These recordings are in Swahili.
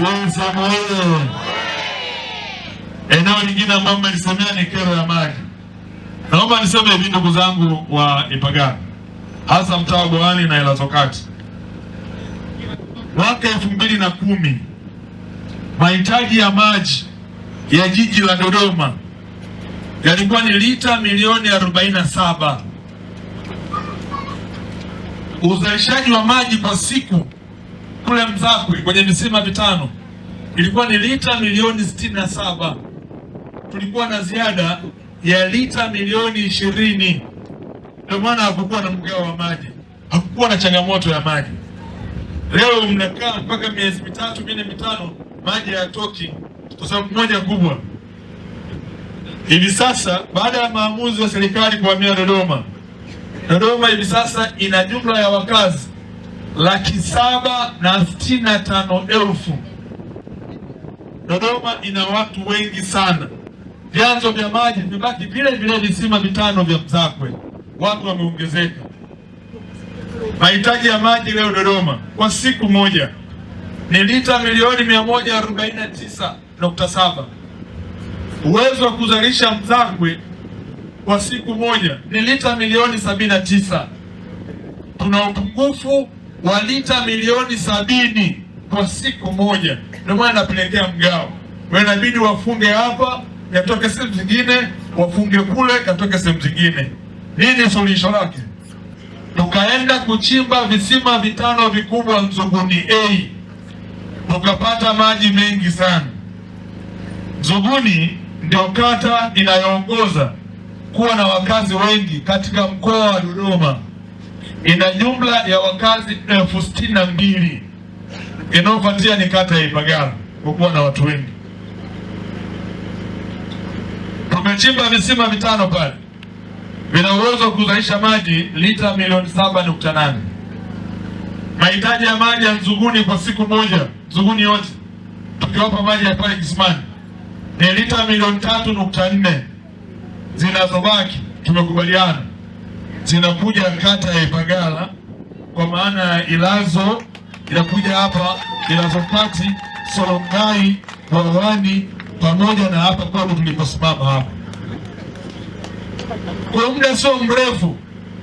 Uza moyo. Eneo eh, lingine ambalo mmelisemea ni kero ya maji. Naomba niseme hivi ndugu zangu wa Ipagani, hasa mtaa wa Bwawani na Elazokati, mwaka elfu mbili na kumi mahitaji ya maji ya jiji la Dodoma yalikuwa ni lita milioni arobaini na saba. Uzalishaji wa maji kwa siku kule Mzakwi kwenye visima vitano ilikuwa ni lita milioni sitini na saba. Tulikuwa na ziada ya lita milioni ishirini. Ndio maana hakukuwa na mgao wa maji, hakukuwa na changamoto ya maji. Leo mnakaa mpaka miezi mitatu mine mitano, maji hayatoki kwa sababu moja kubwa. Hivi sasa baada ya maamuzi ya serikali kuhamia Dodoma, Dodoma hivi sasa ina jumla ya wakazi laki saba na sitini na tano elfu. Dodoma ina watu wengi sana. Vyanzo vya maji vimebaki vile vile, visima vitano vya Mzakwe, watu wameongezeka. Mahitaji ya maji leo Dodoma kwa siku moja ni lita milioni 149.7. Uwezo wa kuzalisha Mzakwe kwa siku moja ni lita milioni 79. Tuna upungufu wa lita milioni sabini kwa siku moja. Ndio maana anapelekea mgao, inabidi wafunge hapa yatoke sehemu zingine, wafunge kule yatoke sehemu zingine. Nini suluhisho lake? Tukaenda kuchimba visima vitano vikubwa Mzuguni A, tukapata maji mengi sana. zuguni ndio kata inayoongoza kuwa na wakazi wengi katika mkoa wa Dodoma ina jumla ya wakazi elfu sitini na mbili. Inayofuatia ni kata ya Ipagala kwa kuwa na watu wengi. Tumechimba visima vitano pale, vina uwezo wa kuzalisha maji lita milioni saba nukta nane. Mahitaji ya maji ya Nzuguni kwa siku moja, Nzuguni yote tukiwapa maji ya pale kisimani ni lita milioni tatu nukta nne zinazobaki, tumekubaliana zinakuja kata ya Ipagala kwa maana ya Ilazo, inakuja hapa Ilazo Pati, Solongai, wawani pamoja na hapa kwao tuliposimama hapa. Kwa muda sio mrefu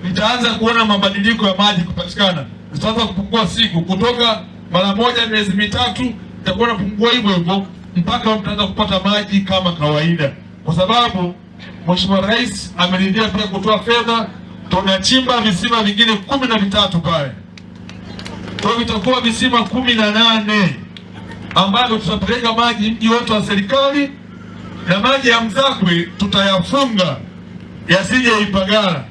nitaanza kuona mabadiliko ya maji kupatikana, zitaanza kupungua siku kutoka mara moja miezi mitatu, itakuwa napungua hivyo hivyo mpaka mtaanza kupata maji kama kawaida, kwa sababu Mheshimiwa Rais ameridhia pia kutoa fedha tunachimba visima vingine kumi na vitatu pale, kwa vitakuwa visima kumi na nane ambavyo tutapeleka maji mji wote wa serikali, na maji ya Mzakwe tutayafunga yasije Ipagala.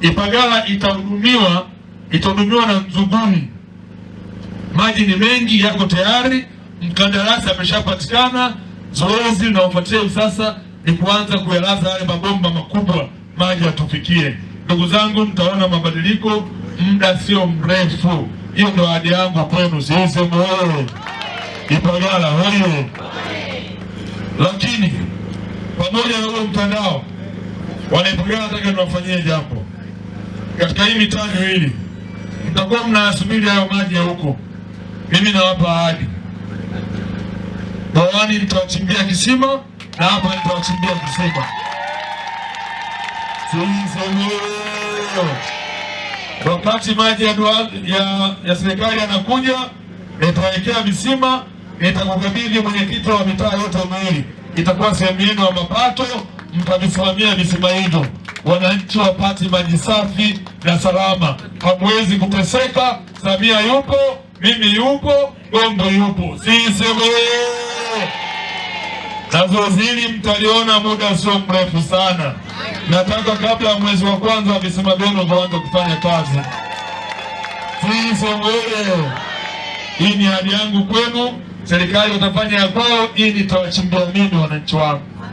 Ipagala itahudumiwa itahudumiwa na Mzuguni. Maji ni mengi, yako tayari, mkandarasi ameshapatikana. Zoezi linalofuatia sasa ni kuanza kuyalaza yale mabomba makubwa, maji yatufikie. Ndugu zangu, mtaona mabadiliko muda sio mrefu. Hiyo ndo ahadi yangu kwenu. Sisemu oye! Ipagala oye! Lakini pamoja na huo mtandao, wanaipagala nataka niwafanyie jambo katika hii mitaa miwili. Mtakuwa mnayasubiri hayo maji ya huko, mimi nawapa ahadi. Bawani nitawachimbia kisima na hapa nitawachimbia kisima wakati maji ya, ya, ya serikali yanakuja, itawekea visima, nitakukabidhi mwenyekiti wa mitaa yote miwili, itakuwa sehemu yenu ya mapato, mtavisimamia visima hivyo, wananchi wapati maji safi na salama. Hamwezi kuteseka. Samia yupo, mimi yupo, Gongo yupo. Sisi na zoezi hili mtaliona muda sio mrefu sana. Nataka kabla ya mwezi wa kwanza visima vyenu vianze kufanya kazi. Sisomwele, hii ni hadi yangu kwenu. Serikali watafanya ya kwao, ili nitawachimbia mimi wananchi wangu.